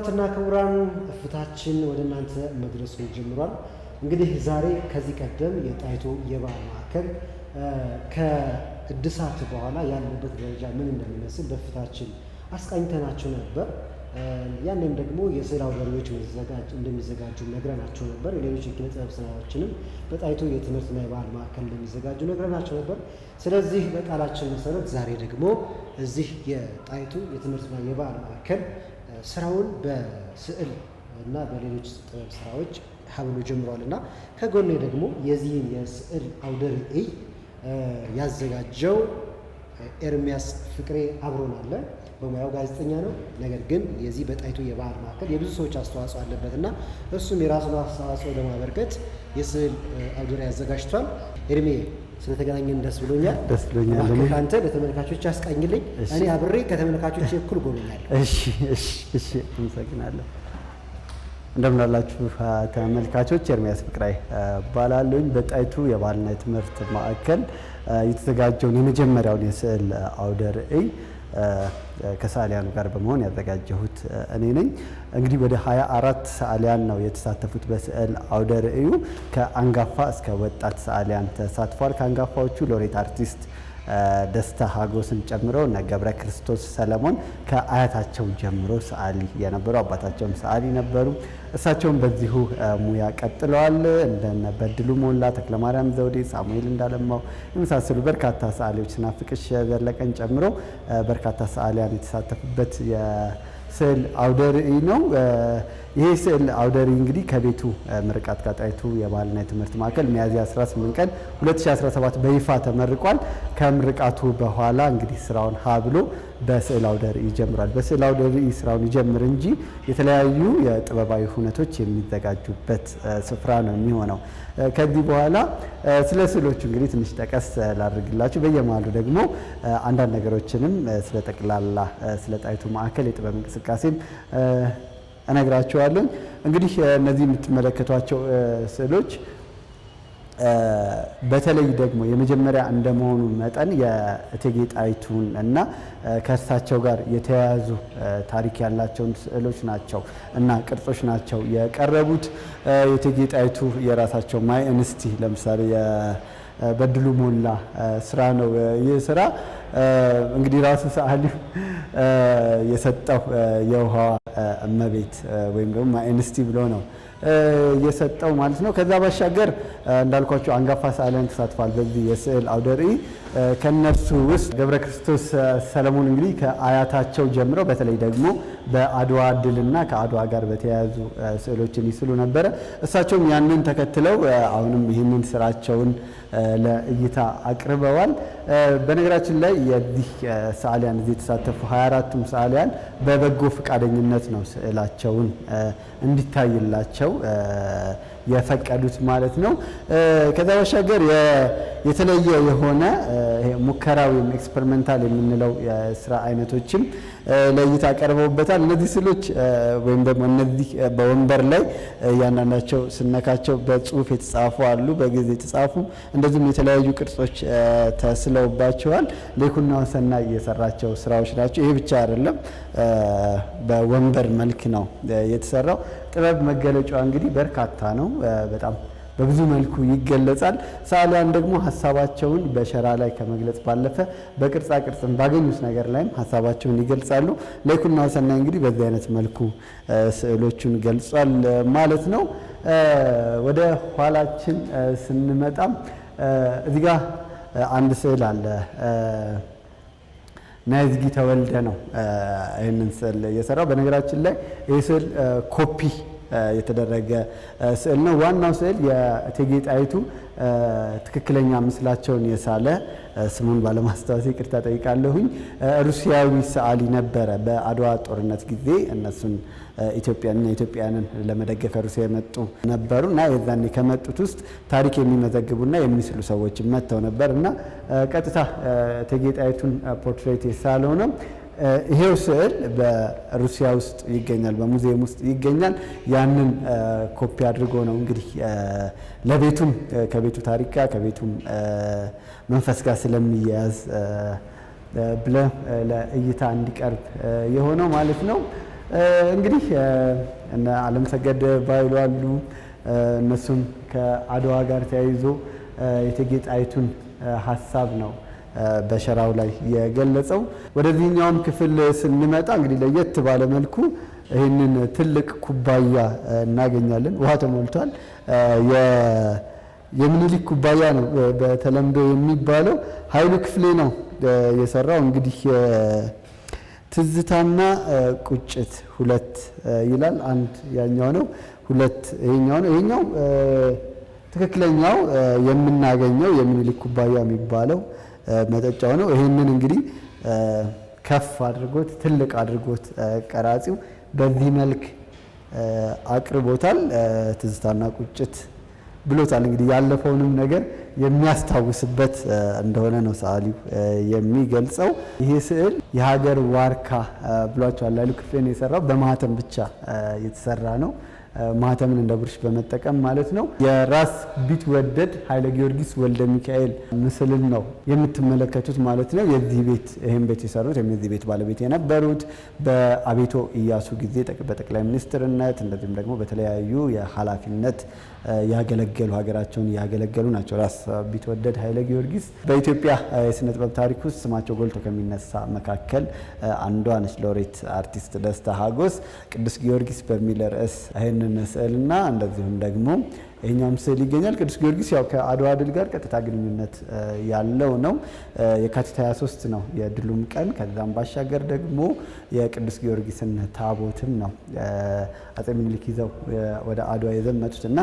ክቡራትና ክቡራን እፍታችን ወደ እናንተ መድረሱ ጀምሯል። እንግዲህ ዛሬ ከዚህ ቀደም የጣይቱ የባህል ማዕከል ከእድሳት በኋላ ያለበት ደረጃ ምን እንደሚመስል በፍታችን አስቃኝተናቸው ነበር። ያንን ደግሞ የስዕል አውደ እንደሚዘጋጁ ነግረናቸው ነበር። ሌሎች የኪነ ጥበብ ስራዎችንም በጣይቱ የትምህርትና የባህል ማዕከል እንደሚዘጋጁ ነግረናቸው ነበር። ስለዚህ በቃላችን መሰረት ዛሬ ደግሞ እዚህ የጣይቱ የትምህርትና የባህል ማዕከል ስራውን በስዕል እና በሌሎች ጥበብ ስራዎች ሀብሎ ጀምሯል እና ከጎኔ ደግሞ የዚህን የስዕል አውደ ርዕይ ያዘጋጀው ኤርሚያስ ፍቅሬ አብሮን አለ። በሙያው ጋዜጠኛ ነው። ነገር ግን የዚህ በጣይቱ የባህል ማዕከል የብዙ ሰዎች አስተዋጽኦ አለበት እና እሱም የራሱን አስተዋጽኦ ለማበርከት የስዕል አውደ ርዕይ ያዘጋጅቷል። ኤርሜ ስለተገናኘን ደስ ብሎኛል። ደስ ብሎኛል። አንተ ለተመልካቾች አስቃኝልኝ፣ እኔ አብሬ ከተመልካቾች እኩል ጎበኛለሁ። እሺ፣ እሺ፣ እሺ። አመሰግናለሁ። እንደምን አላችሁ ተመልካቾች፣ ኤርሚያስ ፍቅራይ እባላለሁኝ። በጣይቱ የባህልና የትምህርት ማዕከል የተዘጋጀውን የመጀመሪያውን የስዕል አውደ ርዕይ ከሰዓሊያኑ ጋር በመሆን ያዘጋጀሁት እኔ ነኝ። እንግዲህ ወደ 24 ሰዓሊያን ነው የተሳተፉት በስዕል አውደ ርዕዩ። ከአንጋፋ እስከ ወጣት ሰዓሊያን ተሳትፏል። ከአንጋፋዎቹ ሎሬት አርቲስት ደስታ ሀጎስን ጨምሮ እነ ገብረ ክርስቶስ ሰለሞን ከአያታቸው ጀምሮ ሰዓሊ የነበሩ አባታቸውም ሰዓሊ ነበሩ። እሳቸውም በዚሁ ሙያ ቀጥለዋል። እንደነ በድሉ ሞላ፣ ተክለማርያም ዘውዴ፣ ሳሙኤል እንዳለማው የመሳሰሉ በርካታ ሰዓሊዎች ስናፍቅሽ ዘለቀን ጨምሮ በርካታ ሰዓሊያን የተሳተፉበት የስዕል አውደ ርዕይ ነው። ይህ ስዕል አውደሪ እንግዲህ ከቤቱ ምርቃት ጣይቱ የባህልና የትምህርት ማዕከል ሚያዝያ 18 ቀን 2017 በይፋ ተመርቋል። ከምርቃቱ በኋላ እንግዲህ ስራውን ሀ ብሎ በስዕል አውደሪ ይጀምራል። በስዕል አውደሪ ስራውን ይጀምር እንጂ የተለያዩ የጥበባዊ ሁነቶች የሚዘጋጁበት ስፍራ ነው የሚሆነው። ከዚህ በኋላ ስለ ስዕሎቹ እንግዲህ ትንሽ ጠቀስ ላድርግላችሁ። በየመሃሉ ደግሞ አንዳንድ ነገሮችንም ስለ ጠቅላላ ስለ ጣይቱ ማዕከል የጥበብ እንቅስቃሴም እነግራችኋለሁ። እንግዲህ እነዚህ የምትመለከቷቸው ስዕሎች በተለይ ደግሞ የመጀመሪያ እንደመሆኑ መጠን የእቴጌ ጣይቱን እና ከእርሳቸው ጋር የተያያዙ ታሪክ ያላቸውን ስዕሎች ናቸው እና ቅርጾች ናቸው የቀረቡት። የእቴጌ ጣይቱ የራሳቸው ማይ እንስቲ ለምሳሌ በድሉ ሞላ ስራ ነው። ይህ ስራ እንግዲህ ራሱ ሰዓሊው የሰጠው የውሃ እመቤት ወይም ደግሞ ማእንስቲ ብሎ ነው የሰጠው ማለት ነው። ከዛ ባሻገር እንዳልኳቸው አንጋፋ ሰዓሊያን ተሳትፏል በዚህ የስዕል አውደ ርዕይ። ውስጥ ገብረ ክርስቶስ ሰለሞን እንግዲህ ከአያታቸው ጀምረው በተለይ ደግሞ በአድዋ ድልና ከአድዋ ጋር በተያያዙ ስዕሎችን ይስሉ ነበረ። እሳቸውም ያንን ተከትለው አሁንም ይህንን ስራቸውን ለእይታ አቅርበዋል። በነገራችን ላይ የዚህ ሰዓሊያን እዚህ የተሳተፉ 24ቱም ሰዓሊያን በበጎ ፈቃደኝነት ነው ስዕላቸውን እንዲታይላቸው የፈቀዱት ማለት ነው። ከዛ ባሻገር የተለየ የሆነ ወይም ኤክስፐሪመንታል የምንለው የስራ አይነቶችም ለእይታ ቀርበውበታል። እነዚህ ስዕሎች ወይም ደግሞ እነዚህ በወንበር ላይ እያንዳንዳቸው ስነካቸው በጽሁፍ የተጻፉ አሉ፣ በጊዜ የተጻፉ እንደዚሁም የተለያዩ ቅርጾች ተስለውባቸዋል። ሌኩናው ሰናይ የሰራቸው ስራዎች ናቸው። ይሄ ብቻ አይደለም፣ በወንበር መልክ ነው የተሰራው። ጥበብ መገለጫዋ እንግዲህ በርካታ ነው በጣም በብዙ መልኩ ይገለጻል። ሰዓሊያን ደግሞ ሀሳባቸውን በሸራ ላይ ከመግለጽ ባለፈ በቅርጻ ቅርጽም ባገኙት ነገር ላይም ሀሳባቸውን ይገልጻሉ። ለይኩኖ አውሰናይ እንግዲህ በዚህ አይነት መልኩ ስዕሎቹን ገልጿል ማለት ነው። ወደ ኋላችን ስንመጣም እዚህ ጋር አንድ ስዕል አለ። ናይዝጊ ተወልደ ነው ይህንን ስዕል የሰራው። በነገራችን ላይ ይህ ስዕል ኮፒ የተደረገ ስዕል ነው። ዋናው ስዕል የእቴጌ ጣይቱ ትክክለኛ ምስላቸውን የሳለ ስሙን ባለማስታወስ ይቅርታ ጠይቃለሁኝ። ሩሲያዊ ሰዓሊ ነበረ። በአድዋ ጦርነት ጊዜ እነሱን ኢትዮጵያንና ኢትዮጵያውያንን ለመደገፍ ሩሲያ የመጡ ነበሩ እና የዛኔ ከመጡት ውስጥ ታሪክ የሚመዘግቡና የሚስሉ ሰዎች መጥተው ነበር እና ቀጥታ እቴጌ ጣይቱን ፖርትሬት የሳለው ነው። ይሄው ስዕል በሩሲያ ውስጥ ይገኛል፣ በሙዚየም ውስጥ ይገኛል። ያንን ኮፒ አድርጎ ነው እንግዲህ ለቤቱም ከቤቱ ታሪክ ጋር ከቤቱም መንፈስ ጋር ስለሚያያዝ ብለ ለእይታ እንዲቀርብ የሆነው ማለት ነው። እንግዲህ እነ አለም ሰገድ ባይሉ አሉ። እነሱም ከአድዋ ጋር ተያይዞ የእቴጌ ጣይቱን ሀሳብ ነው በሸራው ላይ የገለጸው። ወደዚህኛውም ክፍል ስንመጣ እንግዲህ ለየት ባለመልኩ ይህንን ትልቅ ኩባያ እናገኛለን። ውሃ ተሞልቷል። የሚኒሊክ ኩባያ ነው በተለምዶ የሚባለው። ኃይሉ ክፍሌ ነው የሰራው። እንግዲህ ትዝታና ቁጭት ሁለት ይላል። አንድ ያኛው ነው፣ ሁለት ይሄኛው ነው። ይሄኛው ትክክለኛው የምናገኘው የሚኒሊክ ኩባያ የሚባለው መጠጫው ነው። ይህንን እንግዲህ ከፍ አድርጎት ትልቅ አድርጎት ቀራጺው በዚህ መልክ አቅርቦታል። ትዝታና ቁጭት ብሎታል። እንግዲህ ያለፈውንም ነገር የሚያስታውስበት እንደሆነ ነው ሰዓሊው የሚገልጸው። ይሄ ስዕል የሀገር ዋርካ ብሏቸዋል ላሉ ክፍሌን የሰራው። በማህተም ብቻ የተሰራ ነው። ማህተምን እንደ ብርሽ በመጠቀም ማለት ነው። የራስ ቢትወደድ ኃይለ ጊዮርጊስ ወልደ ሚካኤል ምስልን ነው የምትመለከቱት ማለት ነው። የዚህ ቤት ይህን ቤት የሰሩት ወይም የዚህ ቤት ባለቤት የነበሩት በአቤቶ እያሱ ጊዜ በጠቅላይ ሚኒስትርነት እንደዚሁም ደግሞ በተለያዩ የኃላፊነት ያገለገሉ ሀገራቸውን ያገለገሉ ናቸው። ራስ ቢትወደድ ኃይለ ጊዮርጊስ በኢትዮጵያ የስነ ጥበብ ታሪክ ውስጥ ስማቸው ጎልቶ ከሚነሳ መካከል አንዷ ነች። ሎሬት አርቲስት ደስታ ሀጎስ ቅዱስ ጊዮርጊስ በሚል ርዕስ ይህንን ስዕልና እንደዚሁም ደግሞ ይህኛው ምስል ይገኛል። ቅዱስ ጊዮርጊስ ያው ከአድዋ ድል ጋር ቀጥታ ግንኙነት ያለው ነው። የካቲት 23 ነው የድሉም ቀን። ከዛም ባሻገር ደግሞ የቅዱስ ጊዮርጊስን ታቦትም ነው አጼ ምኒልክ ይዘው ወደ አድዋ የዘመቱት እና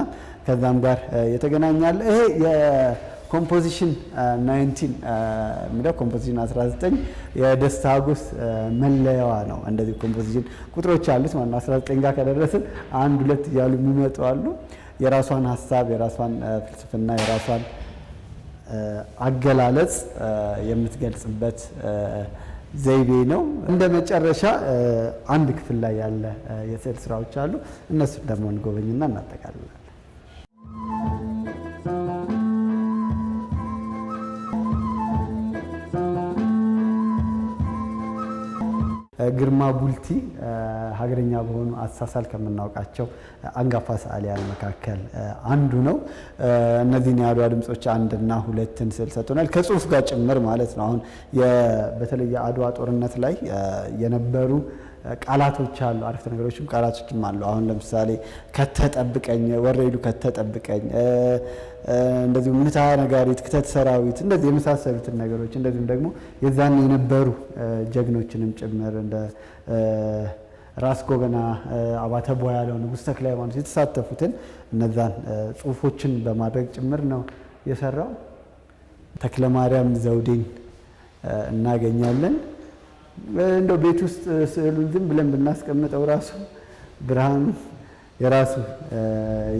ከዛም ጋር የተገናኛል ይሄ ኮምፖዚሽን 19 የሚለው ኮምፖዚሽን 19 የደስታ ሀጎስ መለያዋ ነው። እንደዚህ ኮምፖዚሽን ቁጥሮች አሉት ማለት ነው። 19 ጋር ከደረስን አንድ ሁለት እያሉ የሚመጡ አሉ። የራሷን ሀሳብ፣ የራሷን ፍልስፍና፣ የራሷን አገላለጽ የምትገልጽበት ዘይቤ ነው። እንደ መጨረሻ አንድ ክፍል ላይ ያለ የስዕል ስራዎች አሉ። እነሱን ደግሞ እንጎበኝና እናጠቃልለን። ግርማ ቡልቲ ሀገረኛ በሆኑ አሳሳል ከምናውቃቸው አንጋፋ ሰዓሊያን መካከል አንዱ ነው። እነዚህን የአድዋ ድምፆች አንድና ሁለትን ስል ሰጥቶናል፣ ከጽሁፍ ጋር ጭምር ማለት ነው። አሁን በተለይ የአድዋ ጦርነት ላይ የነበሩ ቃላቶች አሉ። አረፍተ ነገሮችም ቃላቶችም አሉ። አሁን ለምሳሌ ከተጠብቀኝ፣ ወረይሉ ከተጠብቀኝ፣ እንደዚሁ ምታ ነጋሪት፣ ክተት ሰራዊት፣ እንደዚህ የመሳሰሉትን ነገሮች እንደዚሁም ደግሞ የዛን የነበሩ ጀግኖችንም ጭምር እንደ ራስ ጎበና አባተ ቦያለው፣ ንጉሥ ተክለ ሃይማኖት የተሳተፉትን እነዛን ጽሁፎችን በማድረግ ጭምር ነው የሰራው። ተክለ ማርያም ዘውዴን እናገኛለን። እንደው ቤት ውስጥ ስዕሉን ዝም ብለን ብናስቀምጠው ራሱ ብርሃን የራሱ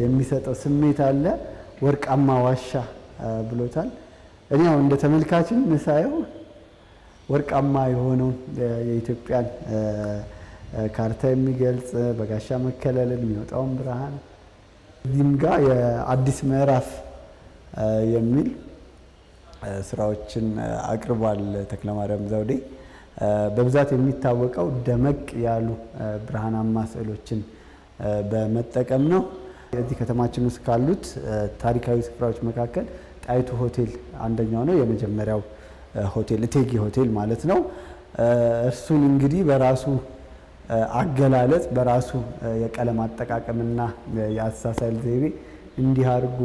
የሚሰጠው ስሜት አለ። ወርቃማ ዋሻ ብሎታል። እኔ ያው እንደ ተመልካችን ሳየው ወርቃማ የሆነውን የኢትዮጵያን ካርታ የሚገልጽ በጋሻ መከለልን የሚወጣውን ብርሃን እዚህም ጋር የአዲስ ምዕራፍ የሚል ስራዎችን አቅርቧል ተክለማርያም ዘውዴ። በብዛት የሚታወቀው ደመቅ ያሉ ብርሃናማ ስዕሎችን በመጠቀም ነው። እዚህ ከተማችን ውስጥ ካሉት ታሪካዊ ስፍራዎች መካከል ጣይቱ ሆቴል አንደኛው ነው። የመጀመሪያው ሆቴል እቴጌ ሆቴል ማለት ነው። እርሱን እንግዲህ በራሱ አገላለጽ በራሱ የቀለም አጠቃቀምና የአሳሳል ዘይቤ እንዲህ አድርጎ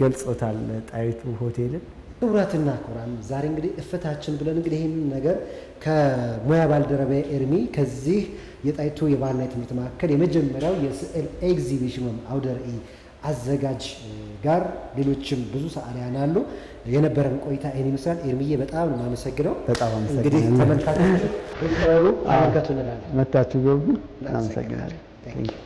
ገልጾታል ጣይቱ ሆቴልን። እውረትና ኮራም ዛሬ እንግዲህ እፍታችን ብለን እንግዲህ ይህን ነገር ከሙያ ባልደረባ ኤርሚ ከዚህ የጣይቱ የባህልና የትምህርት ማዕከል የመጀመሪያው የስዕል ኤግዚቢሽን ወይም አውደ ርዕይ አዘጋጅ ጋር ሌሎችም ብዙ ሰዓሊያን አሉ። የነበረን ቆይታ ይህን ይመስላል። ኤርሚዬ በጣም ነው የማመሰግነው። በጣም እንግዲህ ሩ አመልከቱ እንላለን። መታችሁ ቢሆን አመሰግናለሁ።